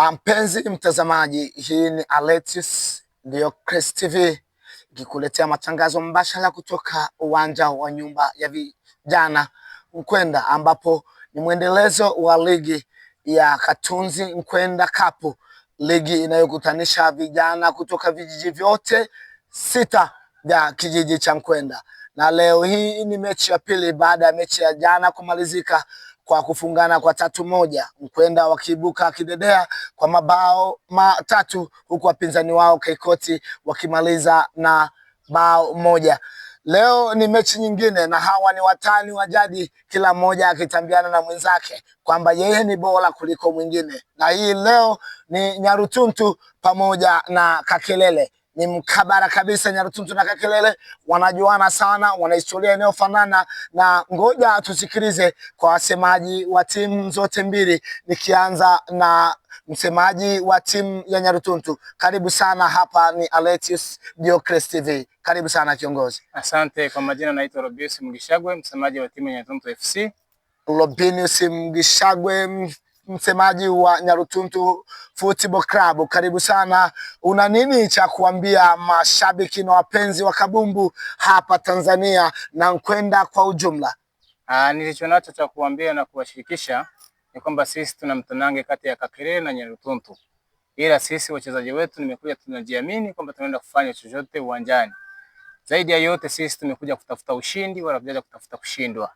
Ah, mpenzi mtazamaji, hii ni Aletius Chris TV ikikuletea matangazo mbashara kutoka uwanja wa nyumba ya vijana Nkwenda, ambapo ni mwendelezo wa ligi ya Katunzi Nkwenda Cup, ligi inayokutanisha vijana kutoka vijiji vyote sita vya kijiji cha Nkwenda, na leo hii ni mechi ya pili baada ya mechi ya jana kumalizika kwa kufungana kwa tatu moja, Mkwenda wakiibuka kidedea kwa mabao matatu huku wapinzani wao Kaikoti wakimaliza na bao moja. Leo ni mechi nyingine na hawa ni watani wa jadi, kila mmoja akitambiana na mwenzake kwamba yeye ni bora kuliko mwingine, na hii leo ni Nyarutuntu pamoja na Kakelele ni mkabara kabisa, nyarutuntu na Kakelele wanajuana sana, wana historia inayofanana, na ngoja tusikilize kwa wasemaji wa timu zote mbili, nikianza na msemaji wa timu ya Nyarutuntu. Karibu sana hapa, ni Aletius Diocles TV. Karibu sana kiongozi. Asante kwa majina, naitwa Robius Mgishagwe, msemaji wa timu ya Nyarutuntu FC. Robinius Mgishagwe msemaji wa Nyarutuntu Football Club. Karibu sana, una nini cha kuambia mashabiki na wapenzi wa kabumbu hapa Tanzania na Nkwenda kwa ujumla? Ah, nilichonacho cha kuambia na kuwashirikisha ni kwamba sisi tuna mtanange kati ya Kakerere na Nyarutuntu, ila sisi wachezaji wetu nimekuja, tunajiamini kwamba tunaenda kufanya chochote uwanjani. Zaidi ya yote, sisi tumekuja kutafuta ushindi, wala kutafuta kushindwa.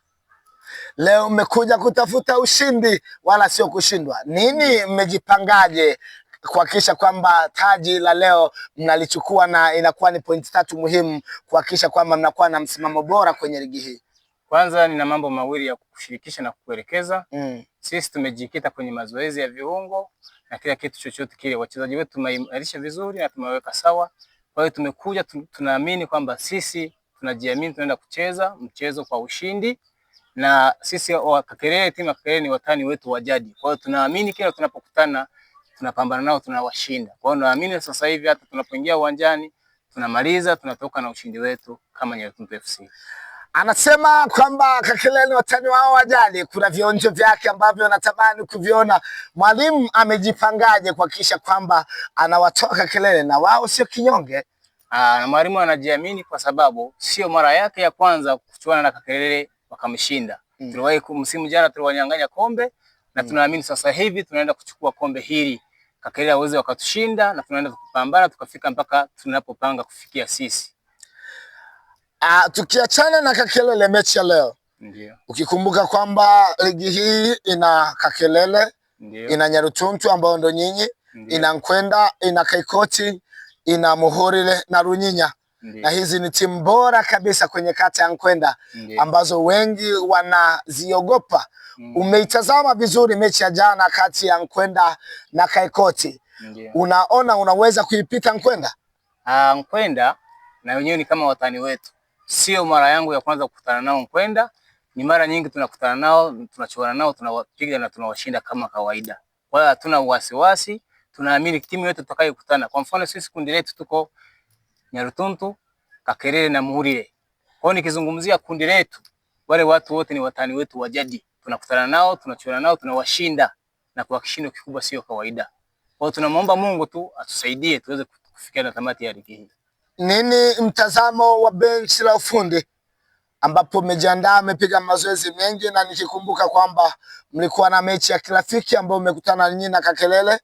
Leo mmekuja kutafuta ushindi wala sio kushindwa. Nini mmejipangaje kuhakikisha kwamba taji la leo mnalichukua na inakuwa ni pointi tatu muhimu kuhakikisha kwamba mnakuwa na msimamo bora kwenye ligi hii? Kwanza nina mambo mawili ya kushirikisha na kukuelekeza. Mm. Sisi tumejikita kwenye mazoezi ya viungo na kila kitu chochote kile, wachezaji wetu tumeimarisha vizuri na tumeweka sawa. Kwa hiyo tumekuja, tunaamini kwamba sisi tunajiamini, tunaenda kucheza mchezo kwa ushindi na sisi Kakerere timu ya Kakerere ni watani wetu wa jadi. Kwa hiyo tunaamini kila tunapokutana tunapambana nao tunawashinda. Kwa hiyo naamini sasa hivi hata tunapoingia uwanjani tunamaliza tunatoka na ushindi wetu kama Nyalitumbe FC. Anasema kwamba Kakerere ni watani wao wa jadi. Kuna vionjo vyake ambavyo anatamani kuviona. Mwalimu amejipangaje kuhakikisha kwamba anawatoa kakelele na wao sio kinyonge? Aa, ah, mwalimu anajiamini kwa sababu sio mara yake ya kwanza kuchuana na Kakerere wakamshinda. Mm. Tuliwahi msimu jana tuliwanyang'anya kombe na mm. tunaamini sasa hivi tunaenda kuchukua kombe hili Kakelea aweze wakatushinda na tunaenda kupambana tukafika mpaka tunapopanga kufikia sisi. Ah, tukiachana na Kakelele mechi ya leo. Ndiyo. Ukikumbuka kwamba ligi hii ina Kakelele, Ndiyo. ina Nyarutuntu ambao ndo nyinyi, ina Nkwenda, ina Kaikoti, ina Muhurile na Runyinya na hizi ni timu bora kabisa kwenye kata ya Nkwenda ambazo wengi wanaziogopa. Umeitazama vizuri mechi ya jana kati ya Nkwenda na Kaikoti. Ndiyo. Unaona unaweza kuipita Nkwenda? Ah, Nkwenda na wenyewe ni kama watani wetu. Sio mara yangu ya kwanza kukutana nao Nkwenda, ni mara nyingi tunakutana nao, tunachuana nao, tunawapiga na tunawashinda kama kawaida. Kwa hiyo hatuna wasiwasi, tunaamini timu yote tutakayokutana. Kwa mfano sisi kundi letu tuko Nyarutuntu, Kakerere na Muhurire. Kwa hiyo nikizungumzia kundi letu, wale watu wote ni watani wetu wa jadi. Tunakutana nao, tunachuana nao, tunawashinda na kwa kishindo kikubwa sio kawaida. Kwa hiyo tunamuomba Mungu tu atusaidie tuweze kufikia na tamati ya ligi hii. Nini mtazamo wa benchi la ufundi ambapo mmejiandaa mmepiga mazoezi mengi, na nikikumbuka kwamba mlikuwa na mechi ya kirafiki ambayo mmekutana nyinyi na Kakelele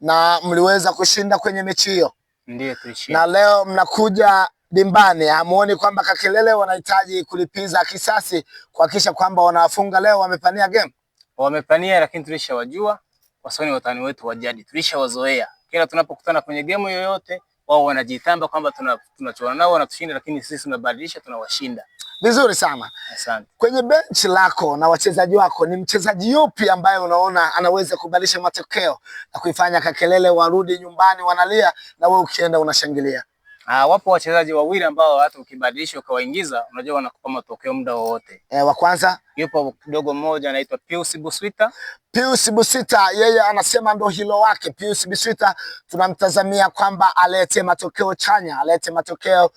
na mliweza kushinda kwenye mechi hiyo. Ndiyo, na leo mnakuja dimbani hamuoni kwamba Kakelele wanahitaji kulipiza kisasi kuhakikisha kwamba wanawafunga leo? Wamepania game, wamepania, lakini tulishawajua. Wasoni watani wetu wa jadi tulishawazoea, kila tunapokutana kwenye game yoyote wao wanajitamba kwamba tunachuana nao wanatushinda, lakini sisi tunabadilisha, tunawashinda. Vizuri sana. Asante. Kwenye benchi lako na wachezaji wako ni mchezaji yupi ambaye unaona anaweza kubadilisha matokeo na kuifanya Kakelele warudi nyumbani wanalia na wewe ukienda unashangilia? Ah, wapo wachezaji wawili ambao hata ukibadilisha ukawaingiza unajua wanakupa matokeo muda wowote. Eh, wa kwanza yupo dogo mmoja anaitwa Pius Buswita. Pius Buswita yeye anasema ndo hilo wake. Pius Buswita tunamtazamia kwamba alete matokeo chanya, alete matokeo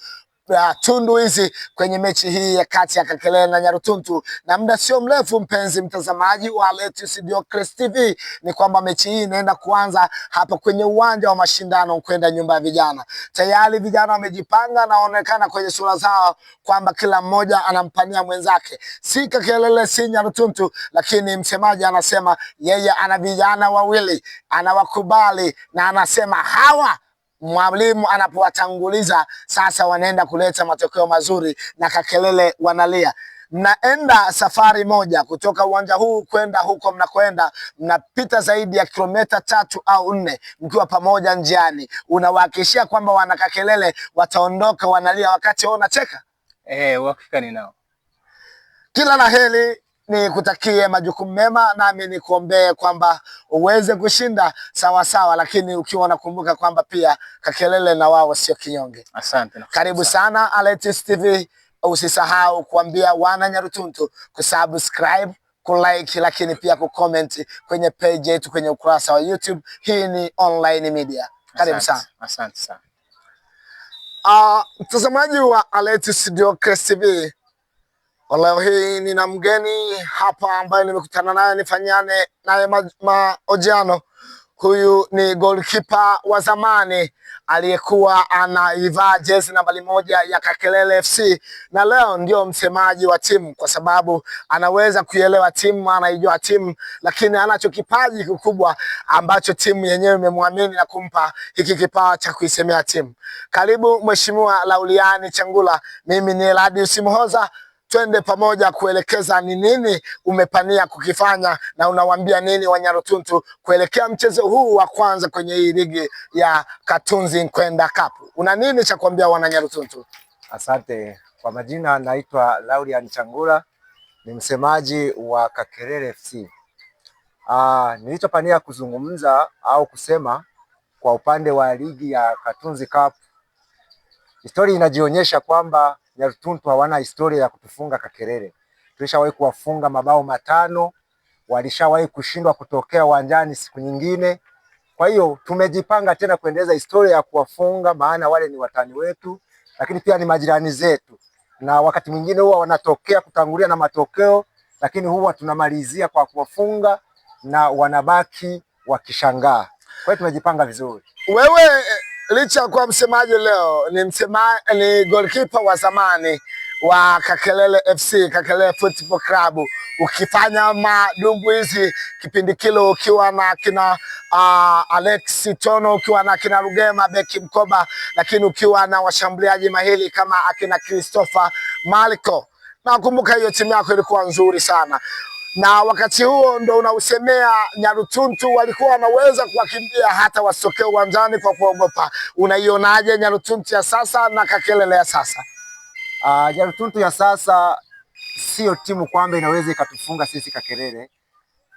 uh, tundu hizi kwenye mechi hii ya kati ya Kakelele na Nyarutuntu. Na muda sio mrefu, mpenzi mtazamaji wa Let's Diocles TV, ni kwamba mechi hii inaenda kuanza hapa kwenye uwanja wa mashindano kwenda nyumba ya vijana. Tayari vijana wamejipanga na wanaonekana kwenye sura zao kwamba kila mmoja anampania mwenzake, si Kakelele si Nyarutuntu, lakini msemaji anasema yeye ana vijana wawili anawakubali na anasema hawa mwalimu anapowatanguliza sasa, wanaenda kuleta matokeo mazuri na kakelele wanalia. Mnaenda safari moja kutoka uwanja huu kwenda huko mnakoenda, mnapita zaidi ya kilomita tatu au nne mkiwa pamoja njiani. Unawahakikishia kwamba wanakakelele wataondoka wanalia, wakati wao unacheka. Eh, uhakika ninao. Kila la heri ni kutakie majukumu mema, nami nikuombee kwamba uweze kushinda sawasawa sawa, lakini ukiwa unakumbuka kwamba pia Kakelele na wao sio kinyonge. Asante, karibu sana Aletius TV. Usisahau kuambia wana Nyarutuntu kusubscribe kulike lakini pia kucomment kwenye page yetu kwenye ukurasa wa YouTube. Hii ni online media. Karibu sana, asante sana ah, mtazamaji wa Aletius Diocles TV leo ni nina mgeni hapa ambaye nimekutana naye nifanyane naye mahojiano ma. Huyu ni goalkeeper wa zamani aliyekuwa anaivaa jezi nambari moja ya Kakelele FC na leo ndio msemaji wa timu, kwa sababu anaweza kuielewa timu, anaijua timu, lakini anacho kipaji kikubwa ambacho timu yenyewe imemwamini na kumpa hiki kipawa cha kuisemea timu. Karibu Mheshimiwa Lauliani Changula. Mimi ni Eladius Mhoza twende pamoja kuelekeza ni nini umepania kukifanya na unawambia nini Wanyarutuntu kuelekea mchezo huu wa kwanza kwenye hii ligi ya Katunzi Nkwenda Cup. Una nini cha kuambia Wananyarutuntu? Asante. Kwa majina naitwa Laurian Changula, ni msemaji wa Kakerere FC. Ah, nilichopania kuzungumza au kusema kwa upande wa ligi ya Katunzi Cup, historia inajionyesha kwamba ya Rutuntu hawana historia ya kutufunga Kakerere. Tulishawahi kuwafunga mabao matano, walishawahi kushindwa kutokea uwanjani siku nyingine. Kwa hiyo tumejipanga tena kuendeleza historia ya kuwafunga, maana wale ni watani wetu, lakini pia ni majirani zetu, na wakati mwingine huwa wanatokea kutangulia na matokeo, lakini huwa tunamalizia kwa kuwafunga na wanabaki wakishangaa. Kwa hiyo tumejipanga vizuri. Wewe licha ya kuwa msemaji leo ni, msema, ni goalkeeper wa zamani wa Kakelele FC, Kakelele Football Club, ukifanya hizi kipindi kile ukiwa na kina uh, Alex Tono, ukiwa na kina Rugema beki mkoba, lakini ukiwa na washambuliaji mahili kama akina Christopher Marco. Nakumbuka hiyo timu yako ilikuwa nzuri sana na wakati huo ndo unausemea Nyarutuntu walikuwa wanaweza kuwakimbia hata wasitokea uwanjani kwa kuogopa. Unaionaje Nyarutuntu ya sasa na Kakelele ya sasa? Uh, Nyarutuntu ya sasa siyo timu kwamba inaweza ikatufunga sisi Kakelele,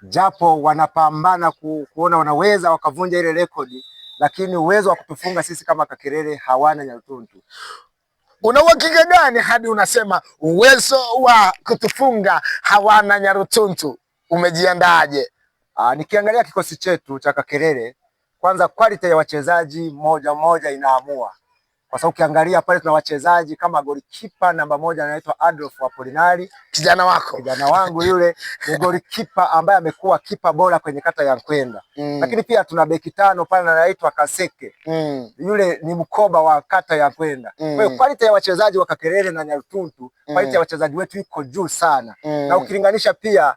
japo wanapambana ku, kuona wanaweza wakavunja ile rekodi, lakini uwezo wa kutufunga sisi kama Kakelele hawana Nyarutuntu. Una uhakika gani hadi unasema uwezo wa kutufunga hawana Nyarutuntu? Umejiandaje? Ah, nikiangalia kikosi chetu cha Kakerere, kwanza quality ya wachezaji moja moja inaamua kwa sababu ukiangalia pale tuna wachezaji kama golikipa namba moja anaitwa Adolf Apolinari, kijana wako, kijana wangu yule ni golikipa ambaye amekuwa kipa bora kwenye kata ya Nkwenda mm. Lakini pia tuna beki tano pale anaitwa Kaseke mm. Yule ni mkoba wa kata ya Nkwenda mm. Kwa hiyo quality ya wachezaji wa Kakerere na Nyarutuntu, mm. quality mm. ya wachezaji wetu iko juu sana mm. na ukilinganisha pia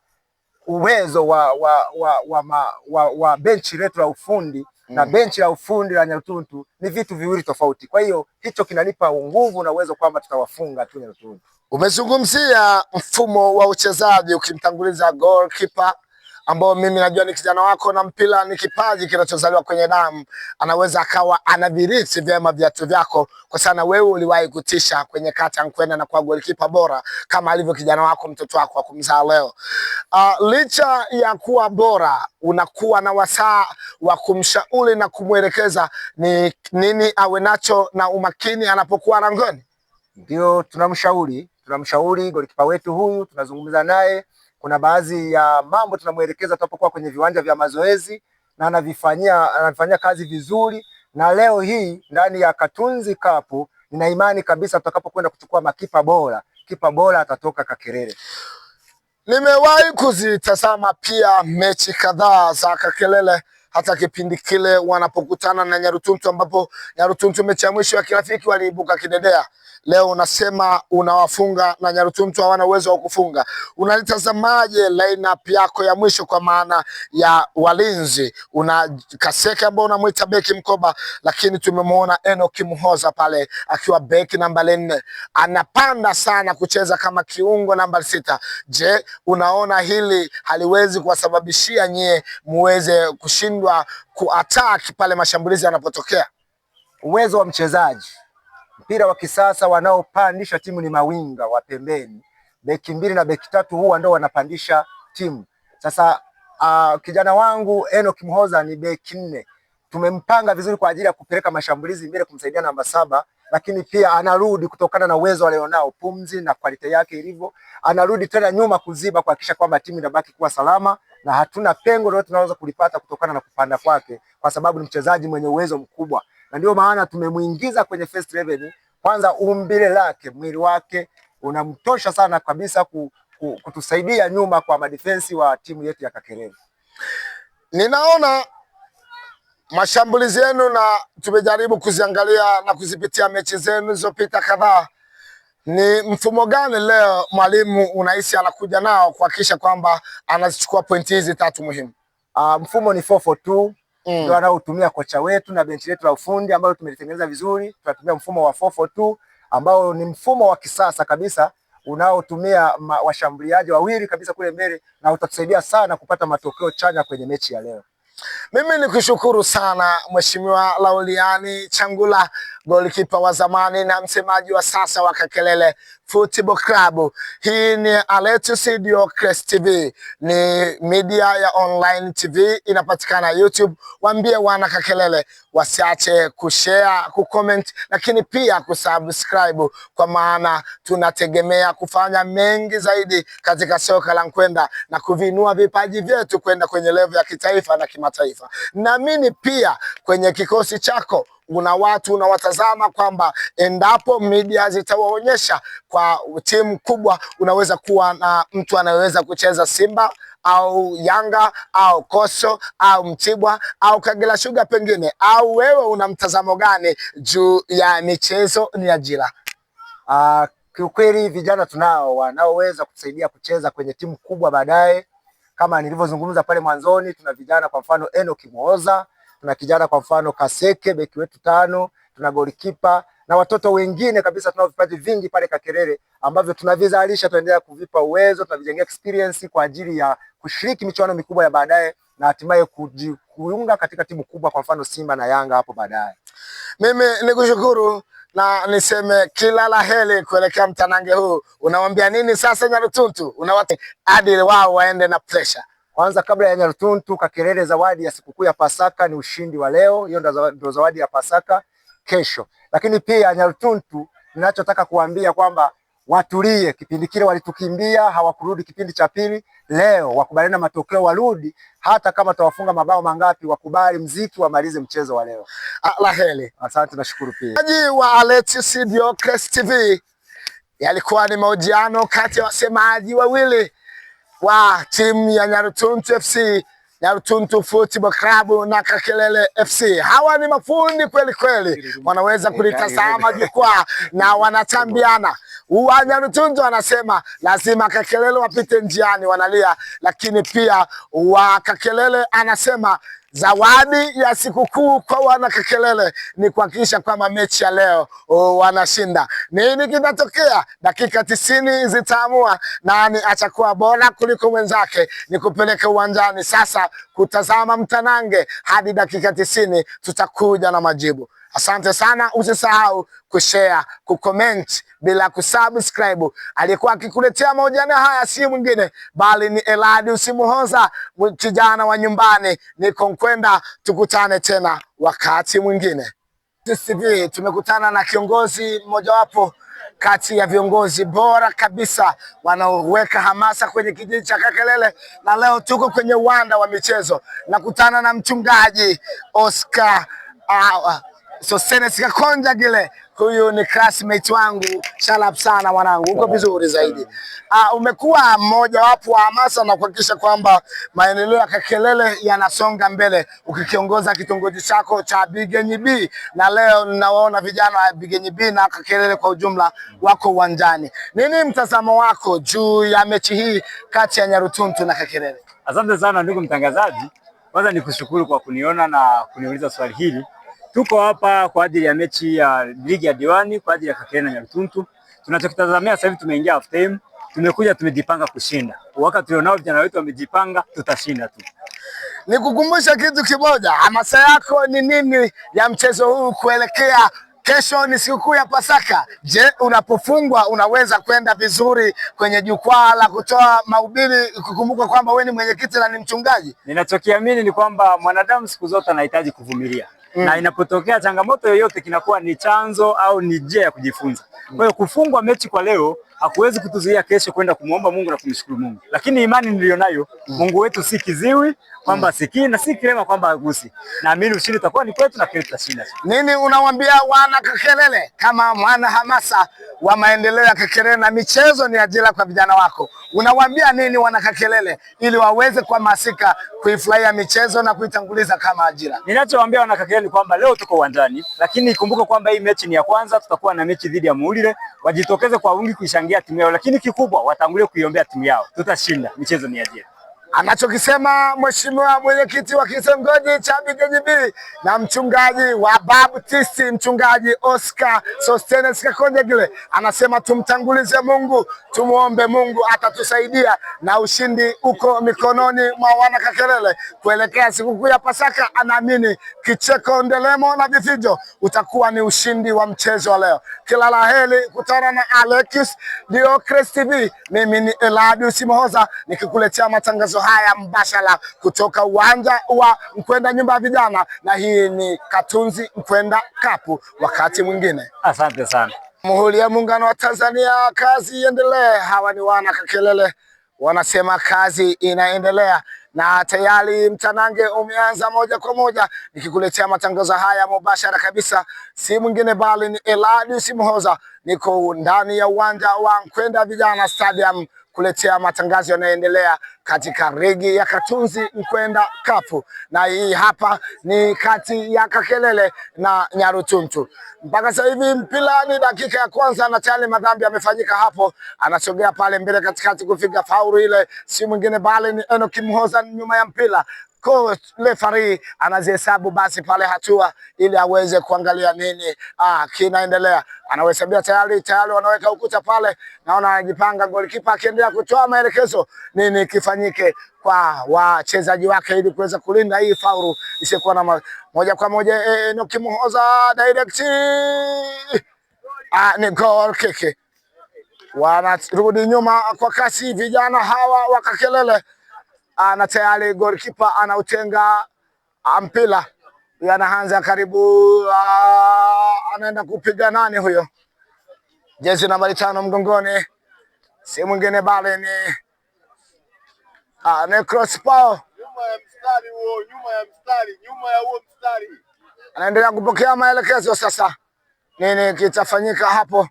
uwezo wa, wa, wa, wa, wa, wa, wa benchi letu la ufundi na mm. benchi la ufundi la Nyarutuntu ni vitu viwili tofauti. Kwa hiyo hicho kinanipa nguvu na uwezo kwamba tutawafunga tu Nyarutuntu. Umezungumzia mfumo wa uchezaji ukimtanguliza goalkeeper ambao mimi najua ni kijana wako na mpira ni kipaji kinachozaliwa kwenye damu, anaweza akawa anaviriti vyema viatu vyako, kwa sana wewe uliwahi kutisha kwenye kati ya Nkwenda na kuwa golikipa bora kama alivyo kijana wako mtoto wako akumzaa leo. Uh, licha ya kuwa bora unakuwa na wasaa wa kumshauri na kumwelekeza ni nini awe nacho na umakini anapokuwa langoni. Ndio tunamshauri tunamshauri golikipa wetu huyu, tunazungumza naye kuna baadhi ya mambo tunamwelekeza tunapokuwa kwenye viwanja vya mazoezi na anavifanyia anafanyia kazi vizuri, na leo hii ndani ya Katunzi Cup nina imani kabisa tutakapokwenda kuchukua makipa bora, kipa bora atatoka Kakerere. Nimewahi kuzitazama pia mechi kadhaa za Kakelele hata kipindi kile wanapokutana na Nyarutuntu ambapo Nyarutuntu mechi ya mwisho ya kirafiki waliibuka kidedea leo unasema unawafunga na Nyarutumtu hawana uwezo wa kufunga, unalitazamaje lineup yako ya mwisho kwa maana ya walinzi? Una Kaseke ambao unamwita beki mkoba, lakini tumemwona Enock Muhoza pale akiwa beki namba nne, anapanda sana kucheza kama kiungo namba sita. Je, unaona hili haliwezi kuwasababishia nyie muweze kushindwa kuattack pale mashambulizi yanapotokea? Uwezo wa mchezaji mpira wa kisasa wanaopandisha timu ni mawinga wa pembeni, beki mbili na beki tatu, huwa ndio wanapandisha timu. Sasa uh, kijana wangu Enoch Mhoza ni beki nne, tumempanga vizuri kwa ajili ya kupeleka mashambulizi mbele kumsaidia namba saba, lakini pia anarudi kutokana na uwezo alionao pumzi na kwalite yake ilivyo, anarudi tena nyuma kuziba kuhakikisha kwamba timu inabaki kuwa salama na hatuna pengo lolote tunaloweza kulipata kutokana na kupanda kwake, kwa sababu ni mchezaji mwenye uwezo mkubwa na ndio maana tumemwingiza kwenye first level. Kwanza umbile lake, mwili wake unamtosha sana kabisa ku, ku, kutusaidia nyuma kwa madefensi wa timu yetu ya Kakerere. Ninaona mashambulizi yenu na tumejaribu kuziangalia na kuzipitia mechi zenu zilizopita kadhaa. Ni mfumo gani leo mwalimu unahisi anakuja nao kuhakikisha kwamba anazichukua pointi hizi tatu muhimu? Uh, mfumo ni 442 mm. ndio anaotumia kocha wetu na benchi letu la ufundi ambayo tumelitengeneza vizuri. Tunatumia mfumo wa 442 ambao ni mfumo wa kisasa kabisa unaotumia washambuliaji wawili kabisa kule mbele na utatusaidia sana kupata matokeo chanya kwenye mechi ya leo. Mimi ni kushukuru sana Mheshimiwa Lauliani Changula, golikipa wa zamani na msemaji wa sasa wa Kakelele Football Club. Hii ni Aletus Diocles TV, ni media ya online TV inapatikana YouTube. Waambie wana Kakelele wasiache kushare, kucomment lakini pia kusubscribe, kwa maana tunategemea kufanya mengi zaidi katika soka la Nkwenda na kuvinua vipaji vyetu kwenda kwenye level ya kitaifa na kimataifa. Naamini pia kwenye kikosi chako una watu unawatazama kwamba endapo media zitawaonyesha kwa timu kubwa, unaweza kuwa na mtu anayeweza kucheza Simba au Yanga au Koso au Mtibwa au Kagera Sugar pengine. Au wewe una mtazamo gani juu ya michezo ni ajira? Uh, kiukweli vijana tunao wanaoweza kutusaidia kucheza kwenye timu kubwa baadaye. Kama nilivyozungumza pale mwanzoni, tuna vijana kwa mfano Enoki mooza tuna kijana kwa mfano Kaseke beki wetu tano, tuna golikipa na watoto wengine kabisa. tunao vipaji vingi pale Kakerere ambavyo tunavizalisha, tunaendelea kuvipa uwezo, tunavijengea experience kwa ajili ya kushiriki michuano mikubwa ya baadaye na hatimaye kujiunga katika timu kubwa, kwa mfano Simba na Yanga hapo baadaye. Mimi nikushukuru na niseme kila la heri kuelekea mtanange huu. Unawambia nini sasa Nyarutuntu? Unawata adili wao waende na pressure kwanza kabla ya Nyarutuntu kakelele zawadi ya sikukuu ya Pasaka ni ushindi wa leo. Hiyo ndio zawadi ya Pasaka kesho. Lakini pia Nyarutuntu, ninachotaka kuambia kwamba watulie. Kipindi kile walitukimbia, hawakurudi kipindi cha pili. Leo wakubaliana matokeo, warudi hata kama tawafunga mabao mangapi, wakubali mziki, wamalize mchezo wa leo. Ah, Laheri, asante, shukuru pia aji wa Aletius Diocles TV. Yalikuwa ni mahojiano kati ya wasemaji wawili wa timu ya Nyarutuntu FC, Nyarutuntu Football Club na Kakelele FC. Hawa ni mafundi kweli kweli, wanaweza kulitazama yaani, yaani. jukwaa na wanatambiana wa nyarutuntu anasema lazima Kakelele wapite njiani, wanalia, lakini pia wa Kakelele anasema Zawadi ya sikukuu kwa wanakekelele ni kuhakikisha kwamba mechi ya leo wanashinda. Nini kinatokea? Dakika tisini zitaamua nani atakuwa bora kuliko mwenzake. Ni kupeleka uwanjani sasa kutazama mtanange hadi dakika tisini, tutakuja na majibu. Asante sana, usisahau kushare, kucomment bila kusubscribe. Aliyekuwa akikuletea mahojiano haya si mwingine bali ni Eladius Muhoza, kijana wa nyumbani. Niko Nkwenda, tukutane tena wakati mwingine. TV tumekutana na kiongozi mmojawapo kati ya viongozi bora kabisa wanaoweka hamasa kwenye kijiji cha Kakelele, na leo tuko kwenye uwanda wa michezo, nakutana na mchungaji Oscar uh, Sosenes Kakonja Gile, huyu ni classmate wangu. Shalap sana mwanangu, uko vizuri zaidi. Uh, umekuwa mmojawapo wa hamasa na kuhakikisha kwamba maendeleo ya Kakelele yanasonga mbele ukikiongoza kitongoji chako cha Bigenyi B, na leo ninawaona vijana wa Bigenyi B na Kakelele kwa ujumla wako uwanjani. Nini mtazamo wako juu ya mechi hii kati ya Nyarutuntu na Kakelele? Asante sana ndugu mtangazaji, kwanza nikushukuru kwa kuniona na kuniuliza swali hili Tuko hapa kwa ajili ya mechi ya ligi ya diwani kwa ajili ya Kakena Nyarutuntu. Tunachokitazamia sasa hivi, tumeingia half time, tumekuja tumejipanga kushinda. Wakati tulionao vijana wetu wamejipanga, tutashinda tu. Nikukumbusha kitu kimoja, hamasa yako ni nini ya mchezo huu kuelekea Kesho ni sikukuu ya Pasaka. Je, unapofungwa unaweza kwenda vizuri kwenye jukwaa la kutoa mahubiri, kukumbuka kwamba wewe ni mwenyekiti na ni mchungaji? Ninachokiamini ni kwamba mwanadamu siku zote anahitaji kuvumilia mm. na inapotokea changamoto yoyote kinakuwa ni chanzo au ni njia ya kujifunza. Kwa hiyo kufungwa mechi kwa leo hakuwezi kutuzuia kesho kwenda kumwomba Mungu na kumshukuru Mungu, lakini imani niliyonayo mm. Mungu wetu si kiziwi kwamba mm. sikii na si kilema kwamba agusi. Naamini ushindi utakuwa ni kwetu na kile tutashinda. Nini unawaambia wana Kekerere kama mwana hamasa wa maendeleo ya Kekerere na michezo ni ajira kwa vijana wako, unawaambia nini wana Kekerere ili waweze kuhamasika kuifurahia michezo na kuitanguliza kama ajira? Ninachowaambia wana Kekerere ni kwamba leo tuko uwanjani, lakini ikumbuke kwamba hii mechi ni ya kwanza, tutakuwa na mechi dhidi ya Muulire, wajitokeze kwa wingi kuishangilia kuiambia timu yao, lakini kikubwa watangulie kuiombea timu yao. Tutashinda, michezo ni ajira anachokisema mheshimiwa mwenyekiti wa kitongoji cha Bigejibili na mchungaji wa Baptisti, mchungaji Oscar Sostenes Kakonyegile, anasema tumtangulize Mungu, tumwombe Mungu atatusaidia, na ushindi uko mikononi mwa Kakelele kuelekea sikukuu ya Pasaka. Anaamini kicheko, ndelemo na vifijo utakuwa ni ushindi wa mchezo wa leo. Kila heli kutana na Alexis Diocres TV. Mimi ni Eladius Mohoza nikikuletea matangazo haya mbashara kutoka uwanja wa Mkwenda nyumba ya vijana, na hii ni Katunzi Mkwenda Kapu. Wakati mwingine, asante sana. Muhuri ya Muungano wa Tanzania, kazi iendelee. Hawa ni wana Kakelele, wanasema kazi inaendelea na tayari mtanange umeanza moja kwa moja, nikikuletea matangazo haya mubashara kabisa. Si mwingine bali ni Eladius Mhoza, niko ndani ya uwanja wa kwenda Vijana Stadium kuletea matangazo yanayoendelea katika ligi ya Katunzi Mkwenda Cup, na hii hapa ni kati ya Kakelele na Nyarutuntu. Mpaka sasa hivi mpira ni dakika ya kwanza na tayari madhambi yamefanyika hapo. Anasogea pale mbele katikati kufika faulu ile, si mwingine bali ni Enoki Mhoza nyuma ya mpira kwa refarii anazihesabu basi pale hatua ili aweze kuangalia nini ah, kinaendelea. Anawesabia tayari tayari, wanaweka ukuta pale, naona anajipanga golikipa akiendelea kutoa maelekezo nini kifanyike kwa wachezaji wake ili kuweza kulinda hii faulu isiyokuwa na moja kwa moja. Eh, eh, Enoki Muhoza direct, ah, ni goal kick. Wanarudi nyuma kwa kasi vijana hawa wakakelele na tayari goalkeeper anautenga ah, mpira anaanza karibu, ah, anaenda kupiga nani huyo, jezi nambari tano mgongoni, si mwingine bali ni ah, Necrospo. Anaendelea kupokea maelekezo sasa, nini kitafanyika hapo?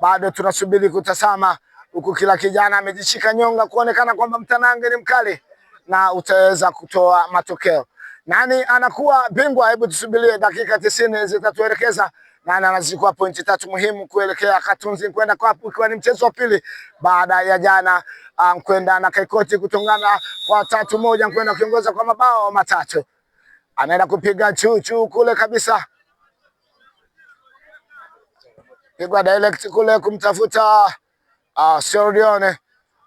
Bado tunasubiri kutazama, huku kila kijana amejishika nyonga kuonekana kwamba mtanange ni mkali na utaweza kutoa matokeo. Nani anakuwa bingwa? Hebu tusubirie dakika tisini zitatuelekeza nani anazikuwa pointi tatu muhimu kuelekea Katunzi kwenda kwapi, ikiwa ni mchezo wa pili baada ya jana ah, kwenda na Kaikoti kutungana kwa tatu moja kwenda kiongoza kwa mabao matatu. Anaenda kupiga chuchu kule kabisa, pigwa direct kule kumtafuta uh, ah, Sorione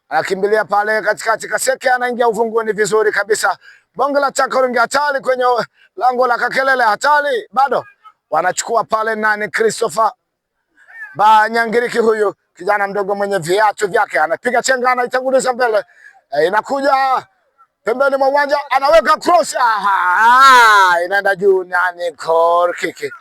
anakimbilia pale katikati, Kaseke anaingia uvunguni vizuri kabisa. Bonge la Chakoringi hatari kwenye lango la Kakelele, hatari bado wanachukua pale nani, Christopher Banyangiriki, huyu kijana mdogo mwenye viatu vyake anapiga chenga, anaitanguliza mbele e, inakuja pembeni mwa uwanja, anaweka cross, aha, inaenda juu nani, kor kiki